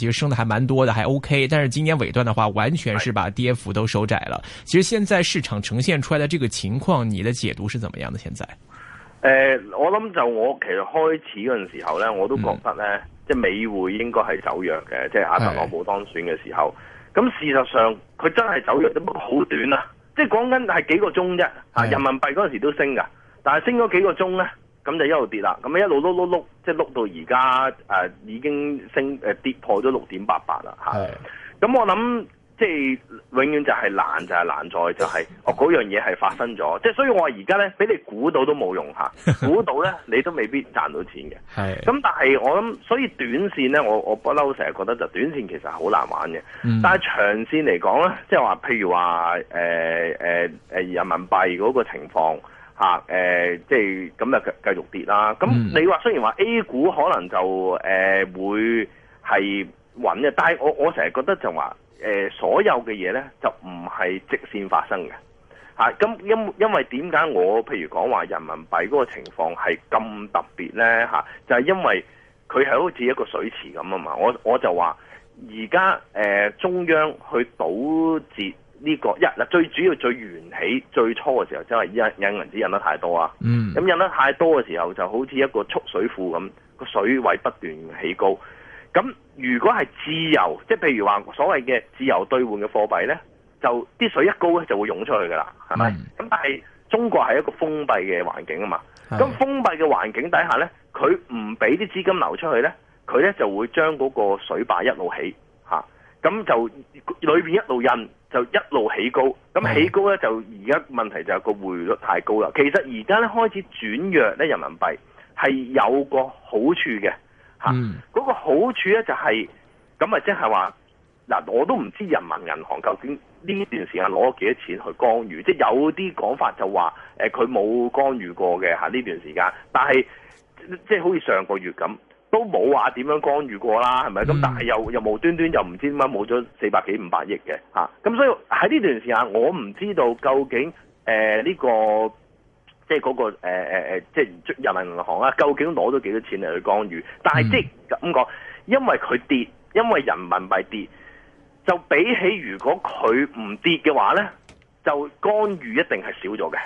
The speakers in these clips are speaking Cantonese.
其實升得還蠻多的，還 OK。但是今年尾段的話，完全是把跌幅都收窄了。是的 其實現在市場呈現出來的這個情況，你的解讀是怎麼樣的？現在，誒、呃，我諗就我其實開始嗰陣時候呢，我都覺得呢，即係、嗯、美匯應該係走弱嘅，即係阿特朗普當選嘅時候。咁是的 事實上，佢真係走弱都、啊，只不過好短啦，即係講緊係幾個鐘啫。啊，是的 人民幣嗰陣時候都升噶，但係升咗幾個鐘呢。咁就一路跌啦，咁一路碌碌碌，即係碌到而家誒已經升、呃、跌破咗六點八八啦嚇。咁是我諗即係永遠就係難，就難再，就係難在就係哦嗰樣嘢係發生咗，即係所以我話而家咧俾你估到都冇用嚇，估到咧你都未必賺到錢嘅。咁 但係我諗，所以短線咧，我我不嬲成日覺得就短線其實好難玩嘅。嗯、但係長線嚟講咧，即係話譬如話誒誒人民幣嗰個情況。啊，誒、呃，即係咁又繼繼續跌啦。咁你話、嗯、雖然話 A 股可能就誒、呃、會係穩嘅，但係我我成日覺得就話誒、呃、所有嘅嘢咧就唔係直線發生嘅嚇。咁、啊、因因為點解我譬如講話人民幣嗰個情況係咁特別咧嚇、啊？就係、是、因為佢係好似一個水池咁啊嘛。我我就話而家誒中央去堵截。呢、這個一嗱最主要最源起最初嘅時候就引，就係印印銀紙印得太多啊！咁印、嗯、得太多嘅時候，就好似一個蓄水庫咁，個水位不斷起高。咁如果係自由，即係譬如話所謂嘅自由兌換嘅貨幣咧，就啲水一高咧就會湧出去㗎啦，係咪、嗯？咁但係中國係一個封閉嘅環境啊嘛，咁是封閉嘅環境底下咧，佢唔俾啲資金流出去咧，佢咧就會將嗰個水壩一路起。咁就裏邊一路印，就一路起高。咁起高咧，就而家問題就係個匯率太高啦。其實而家咧開始轉弱咧，人民幣係有個好處嘅嚇嗰、嗯、個好處咧就係咁啊，即係話嗱，我都唔知人民銀行究竟呢段時間攞咗幾多錢去干預。即、就、係、是、有啲講法就話誒，佢冇干預過嘅嚇呢、啊、段時間。但係即係好似上個月咁。都冇話點樣干預過啦，係咪？咁、嗯、但係又又無端端又唔知點解冇咗四百幾五百億嘅吓，咁所以喺呢段時間我唔知道究竟誒呢、呃呢個即係、嗰、嗰個誒、呃、即係人民銀行啊，究竟攞咗幾多錢嚟去干預？但係即係咁講，因為佢跌，因為人民幣跌，就比起如果佢唔跌嘅話咧，就干預一定係少咗嘅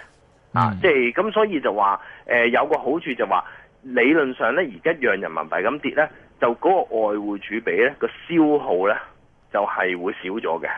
啊！即係咁，所以就話、呃、有個好處就話。理論上咧，而家讓人民幣咁跌咧，就嗰個外匯儲備咧、個消耗咧就係、係、會少咗嘅。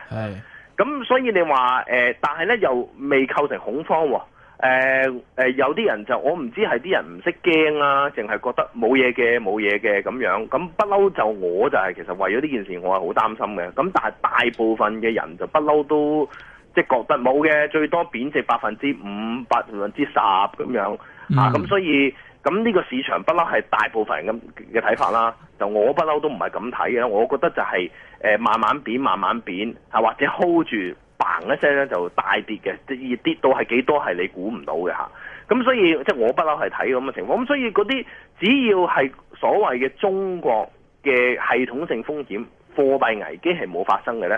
咁係所以你話、呃、但係咧又未構成恐慌喎、哦。誒、呃呃、有啲人就我唔知係啲人唔識驚啊，淨係覺得冇嘢嘅，冇嘢嘅咁樣。咁不嬲就我就係、是、其實為咗呢件事我係好擔心嘅。咁但係大部分嘅人就不嬲都即係、就係、覺得冇嘅，最多貶值百分之五、百分之十咁樣、嗯、啊。咁所以。咁呢個市場不嬲係大部分人咁嘅睇法啦，就我不嬲都唔係咁睇嘅，我覺得就係誒慢慢變，慢慢變，或者 hold 住，嘭一聲咧就大跌嘅，跌跌到係幾多係你估唔到嘅嚇。咁所以即係我不嬲係睇咁嘅情況，咁所以嗰啲只要係所謂嘅中國嘅系統性風險、貨幣危機係冇發生嘅呢，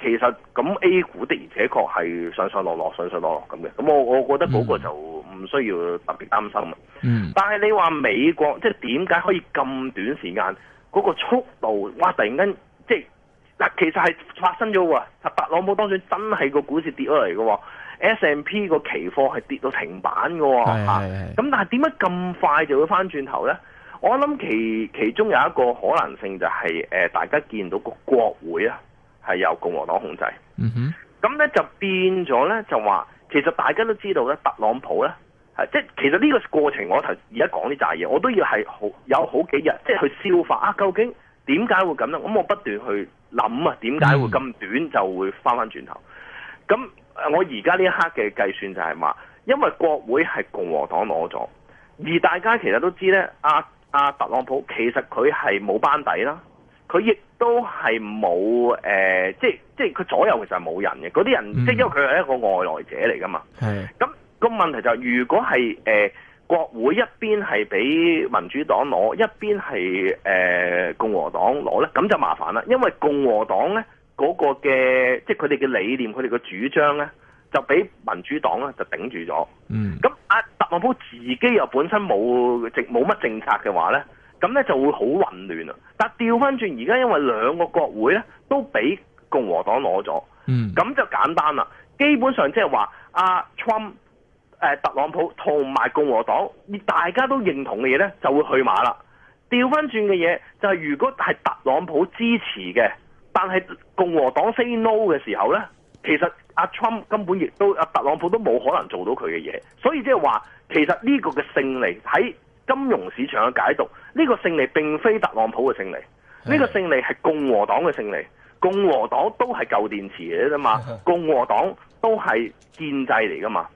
其實咁 A 股的而且確係上上落落，上上落落咁嘅。咁我我覺得嗰個就。嗯唔需要特別擔心啊！嗯、但係你話美國即係點解可以咁短時間嗰、那個速度哇？突然間即係嗱，其實係發生咗喎，特朗普當選真係個股市跌咗嚟嘅喎，S&P 個期貨係跌到停板嘅喎，咁但係點解咁快就會返轉頭咧？我諗其其中有一個可能性就係、是、誒、呃，大家見到個國會啊係由共和黨控制，嗯哼，咁咧就變咗咧就話其實大家都知道咧，特朗普咧。係，即係其實呢個過程，我頭而家講呢啲嘢，我都要係好有好幾日，即係去消化啊。究竟點解會咁咧？咁、嗯、我不斷去諗啊，點解會咁短就會翻翻轉頭？咁我而家呢一刻嘅計算就係、是、話，因為國會係共和黨攞咗，而大家其實都知咧，阿、啊、阿、啊、特朗普其實佢係冇班底啦，佢亦都係冇誒，即係即係佢左右其實係冇人嘅，嗰啲人即係、嗯、因為佢係一個外來者嚟噶嘛。係咁的。個問題就係、是，如果係誒、呃、國會一邊係俾民主黨攞，一邊係誒、呃、共和黨攞咧，咁就麻煩啦。因為共和黨咧嗰、那個嘅，即係佢哋嘅理念，佢哋嘅主張咧，就俾民主黨咧就頂住咗。嗯，咁阿、啊、特朗普自己又本身冇政冇乜政策嘅話咧，咁咧就會好混亂啊。但係掉返轉，而家因為兩個國會咧都俾共和黨攞咗，嗯，咁就簡單啦。基本上即係話阿 Trump。啊誒、呃、特朗普同埋共和黨，而大家都認同嘅嘢咧，就會去馬啦。調翻轉嘅嘢就係、是，如果係特朗普支持嘅，但係共和黨 say no 嘅時候呢，其實阿、啊、Trump 根本亦都阿、啊、特朗普都冇可能做到佢嘅嘢。所以即係話，其實呢個嘅勝利喺金融市場嘅解讀，呢、這個勝利並非特朗普嘅勝利，呢、這個勝利係共和黨嘅勝利。共和黨都係舊電池嚟啫嘛，共和黨都係建制嚟噶嘛。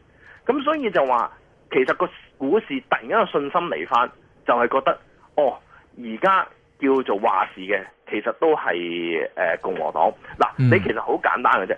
咁所以就話，其實個股市突然間個信心嚟返，就係、是、覺得，哦，而家叫做話事嘅，其實都係誒、呃、共和黨。嗱，嗯、你其實好簡單嘅啫。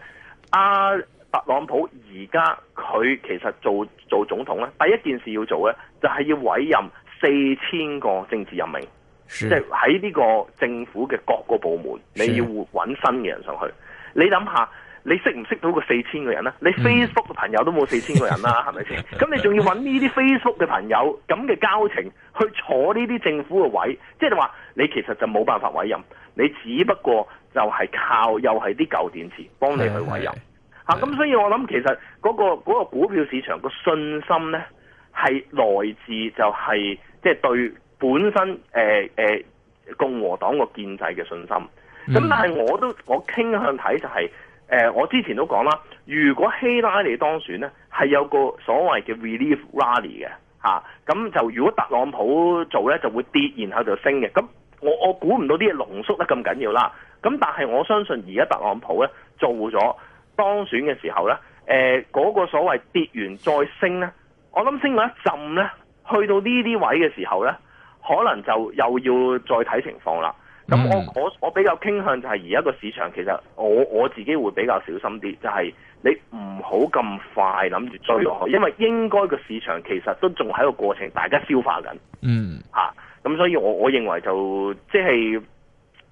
阿、啊、特朗普而家佢其實做做總統咧，第一件事要做咧，就係、是、要委任四千個政治任命，即係喺呢個政府嘅各個部門，你要搵新嘅人上去。是你諗下。你識唔識到個四千個人咧？你 Facebook 嘅朋友都冇四千個人啦，係咪先？咁 你仲要揾呢啲 Facebook 嘅朋友咁嘅交情去坐呢啲政府嘅位，即係話你其實就冇辦法委任，你只不過就係靠又係啲舊電池幫你去委任嚇。咁、嗯啊、所以我諗其實嗰、嗰個嗰個股票市場個信心呢，係來自就係即係對本身、呃呃、共和黨個建制嘅信心。咁但係我都我傾向睇就係、是。誒、呃，我之前都講啦，如果希拉里當選咧，係有個所謂嘅 relief rally 嘅咁、啊、就如果特朗普做咧，就會跌，然後就升嘅。咁我我估唔到啲嘢濃縮得咁緊要啦。咁但係我相信而家特朗普咧做咗當選嘅時候咧，嗰、呃嗰個所謂跌完再升咧，我諗升過一浸咧，去到呢啲位嘅時候咧，可能就又要再睇情況啦。咁我、mm hmm. 我我比較傾向就係而家個市場，其實我我自己會比較小心啲，就係、是、你唔好咁快諗住追落去，以因為應該個市場其實都仲喺個過程，大家消化緊。嗯、吓、mm，咁、hmm. 啊、所以我我認為就即係。就是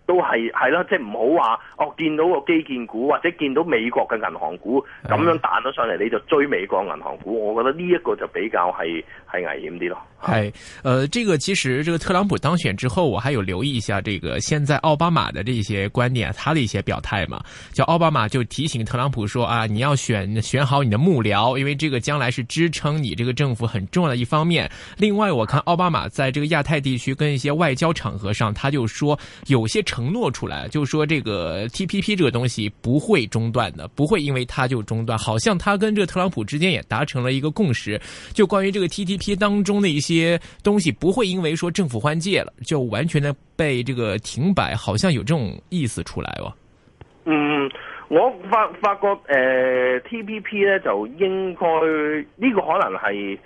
都係係啦，即係唔好話哦，見到個基建股或者見到美國嘅銀行股咁樣彈咗上嚟，你就追美國銀行股，我覺得呢一個就比較係係危險啲咯。係，呃，這個其實，這個特朗普當選之後，我還有留意一下，這個現在奧巴馬的這些觀點，他的一些表態嘛。就奧巴馬就提醒特朗普說：啊，你要選選好你的幕僚，因為這個將來是支撐你這個政府很重要的一方面。另外，我看奧巴馬在這個亞太地區跟一些外交場合上，他就說有些。承諾出來，就說這個 TPP 這個東西不會中斷的，不會因為它就中斷。好像他跟這特朗普之間也達成了一個共識，就關於這個 TTP 當中的一些東西，不會因為說政府換屆了就完全的被這個停擺，好像有這種意思出來，哦。嗯，我發發覺、呃、TPP 呢，就應該呢、這個可能係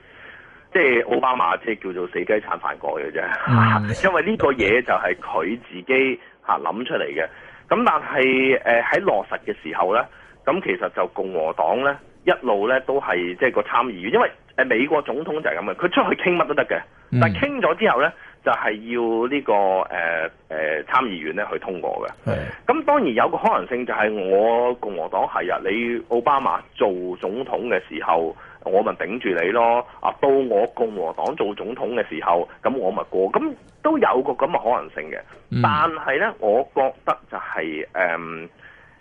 即係奧巴馬即係叫做死雞撐飯蓋嘅啫，嗯、因為呢個嘢就係佢自己。嚇諗、啊、出嚟嘅，咁但係誒喺落實嘅時候呢，咁其實就共和黨呢一路呢都係即係個參議員，因為誒美國總統就係咁嘅，佢出去傾乜都得嘅，但係傾咗之後呢，就係、是、要呢、這個誒誒、呃呃、參議員呢去通過嘅。咁的當然有個可能性就係我共和黨係啊，你奧巴馬做總統嘅時候。我咪頂住你咯！啊，到我共和黨做總統嘅時候，咁我咪過，咁都有個咁嘅可能性嘅。嗯、但係呢，我覺得就係誒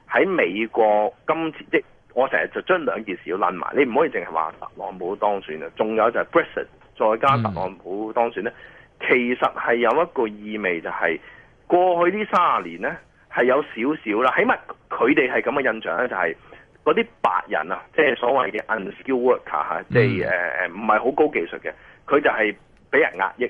喺美國今次，即我成日就將兩件事要撚埋，你唔可以淨係話特朗普當選啦。仲有就係 Brexit 再加特朗普當選呢。嗯、其實係有一個意味、就係，就係過去呢三十年呢，係有少少啦。起碼佢哋係咁嘅印象呢，就係、係。嗰啲白人啊，即係所謂嘅 unskilled worker 嚇，即係誒誒，唔係好高技術嘅，佢就係俾人壓抑，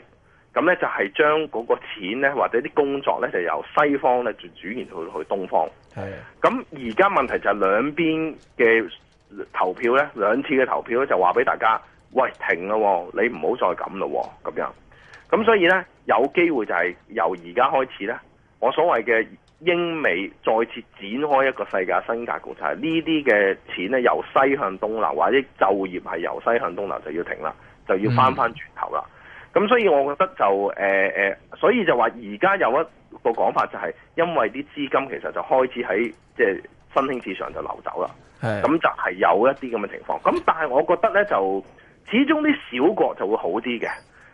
咁咧就係將嗰個錢咧或者啲工作咧就由西方咧就轉移去去東方。係的，咁而家問題就係兩邊嘅投票咧，兩次嘅投票咧就話俾大家，喂停喇喎，你唔好再咁喇喎，咁樣，咁所以咧有機會就係由而家開始咧，我所謂嘅。英美再次展開一個世界新格局，就係、是、呢啲嘅錢咧由西向東流，或者就業係由西向東流就要停啦，就要返返轉頭啦。咁、嗯、所以我覺得就誒誒、呃，所以就話而家有一個講法就係，因為啲資金其實就開始喺即係新興市場就流走啦，咁是的 就係有一啲咁嘅情況。咁但係我覺得咧就，始終啲小國就會好啲嘅，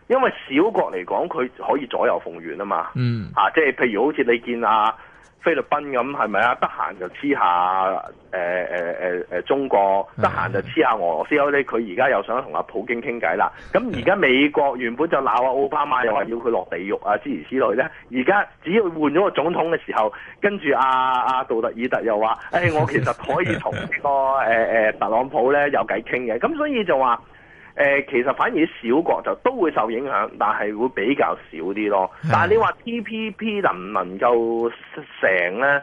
因為小國嚟講佢可以左右逢源啊嘛。嗯，嚇、啊，即係譬如好似你見啊～菲律賓咁係咪啊？得閒就黐下誒誒誒誒中國，得閒就黐下俄羅斯。嗰啲佢而家又想同阿普京傾偈啦。咁而家美國原本就鬧阿奧巴馬，又話要佢落地獄啊之類之類咧。而家只要換咗個總統嘅時候，跟住阿阿杜特爾特又話：誒、哎、我其實可以同呢、嗰個誒誒、 呃、特朗普咧有偈傾嘅。咁所以就話。呃，其實反而小國就都會受影響，但係會比較少啲咯。係嘅，但係你話 TPP 能唔能夠成咧？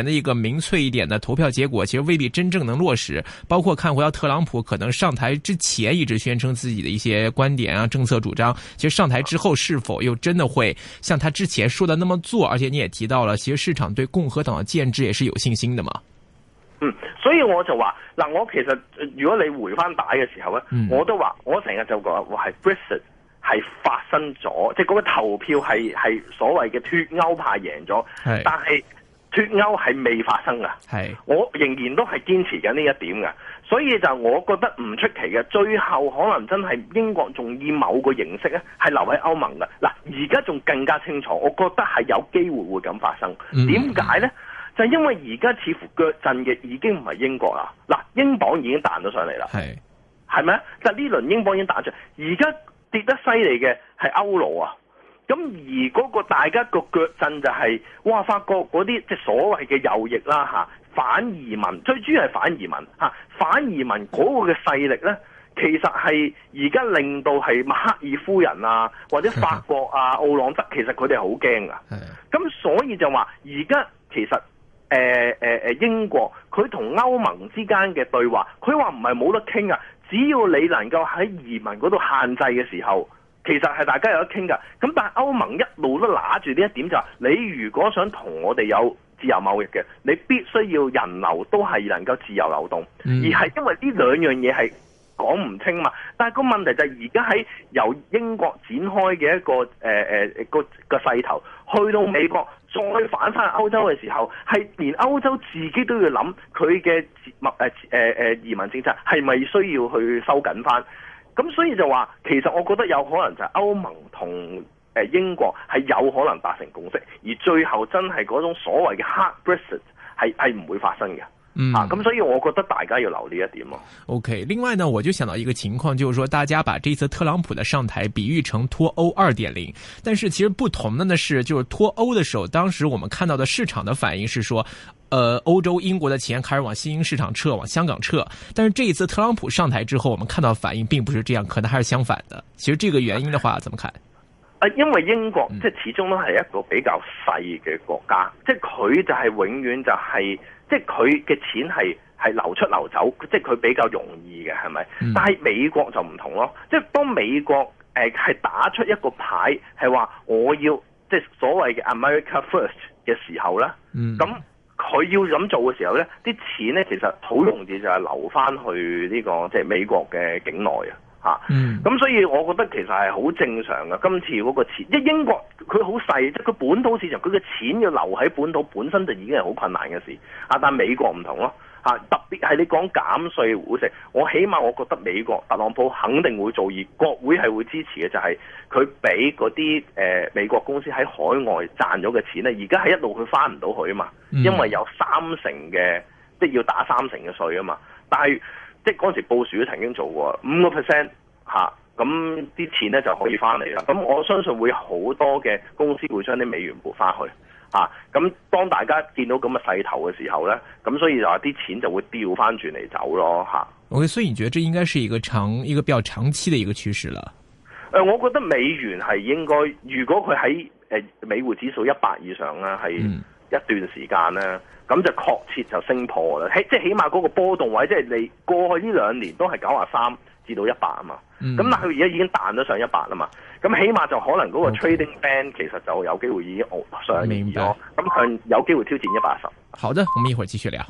的一個民粹一點的投票結果，其實未必真正能落實。包括看回到特朗普可能上台之前，一直宣稱自己的一些觀點啊、政策主張，其實上台之後是否又真的會像他之前說的那麼做？而且你也提到了，其實市場對共和黨的建制也是有信心的嘛。嗯，所以我就話，嗱，我其實如果你回翻打嘅時候呢、嗯，我都話，我成日就講話係 Brexit 係發生咗，即係嗰個投票係係所謂嘅脱歐派贏咗，是但係。脱歐係未發生噶，係是我仍然都係堅持緊呢一點噶，所以就我覺得唔出奇嘅，最後可能真係英國仲以某個形式咧係留喺歐盟噶。嗱，而家仲更加清楚，我覺得係有機會會咁發生。點解咧？就因為而家似乎腳震嘅已經唔係英國啦，嗱，英鎊已經彈咗上嚟啦，係咪啊？但呢輪英鎊已經彈出嚟，而家跌得犀利嘅係歐羅啊！咁而嗰個大家個腳震就係、是，哇！法國嗰啲即係所謂嘅右翼啦嚇，反移民最主要係反移民嚇，反移民嗰個嘅勢力呢，其實係而家令到係默克爾夫人啊，或者法國啊、 奧朗德，其實佢哋好驚噶。咁 所以就話，而家其實誒誒、呃呃、英國佢同歐盟之間嘅對話，佢話唔係冇得傾啊，只要你能夠喺移民嗰度限制嘅時候。其實係大家有得傾噶，咁但係歐盟一路都拿住呢一點就係：你如果想同我哋有自由貿易嘅，你必須要人流都係能夠自由流動，嗯、而係因為呢兩樣嘢係講唔清嘛。但係個問題就係而家喺由英國展開嘅一個誒誒個個勢頭，去到美國再反翻歐洲嘅時候，係連歐洲自己都要諗佢嘅誒誒誒移民政策係咪需要去收緊翻？咁、嗯、所以就話，其實我覺得有可能就係歐盟同、呃、英國係有可能達成共識，而最後真係嗰種所謂嘅 hard Brexit 係係唔會發生嘅。嗯，咁、啊、所以我覺得大家要留意一點啊、哦。OK，另外呢，我就想到一個情況，就是說大家把這次特朗普的上台比喻成脫歐二點零，但是其實不同的呢是，就是脫歐的時候，當時我們看到的市場的反應是說，呃，歐洲英國的錢開始往新興市場撤，往香港撤。但是這一次特朗普上台之後，我們看到反應並不是這樣，可能還是相反的。其實這個原因的話，怎麼看？啊、呃，因為英國、嗯、即係始終都係一個比較細嘅國家，即係佢就係永遠就係、是。即係佢嘅錢係係流出流走，即係佢比較容易嘅，係咪？嗯、但係美國就唔同咯。即係當美國誒係、呃、打出一個牌，係話我要即係所謂嘅 America First 嘅時候咧，咁佢、嗯、要咁做嘅時候咧，啲錢咧其實好容易就係流翻去呢、呢個即係美國嘅境內啊。啊，咁、嗯、所以我覺得其實係好正常嘅。今次嗰個錢，因英國佢好細，即佢本土市場，佢嘅錢要留喺本土本身就已經係好困難嘅事。啊，但美國唔同咯，啊，特別係你講減稅護城，我起碼我覺得美國特朗普肯定會做，而國會係會支持嘅，就係佢俾嗰啲誒美國公司喺海外賺咗嘅錢咧，而家係一路佢翻唔到去啊嘛，嗯、因為有三成嘅，即要打三成嘅稅啊嘛，但係。即係嗰陣時，布署都曾經做過五個 percent 吓，咁啲、啊、錢咧就可以翻嚟啦。咁我相信會好多嘅公司會將啲美元撥翻去吓。咁、啊、當大家見到咁嘅勢頭嘅時候咧，咁所以就話啲錢就會調翻轉嚟走咯吓。我哋雖然覺得這應該是一個長一個比較長期嘅一個趨勢啦。誒、呃，我覺得美元係應該，如果佢喺誒美匯指數一百以上咧，係一段時間咧。嗯咁就確切就升破啦，起即係起碼嗰個波動位，即、就、係、是、你過去呢兩年都係九十三至到一百啊嘛。咁但係佢而家已經彈咗上一百啊嘛。咁起碼就可能嗰個 trading band 其實就有機會已經上移咗，咁向有機會挑戰一百十。好啫，我們一會繼續聊。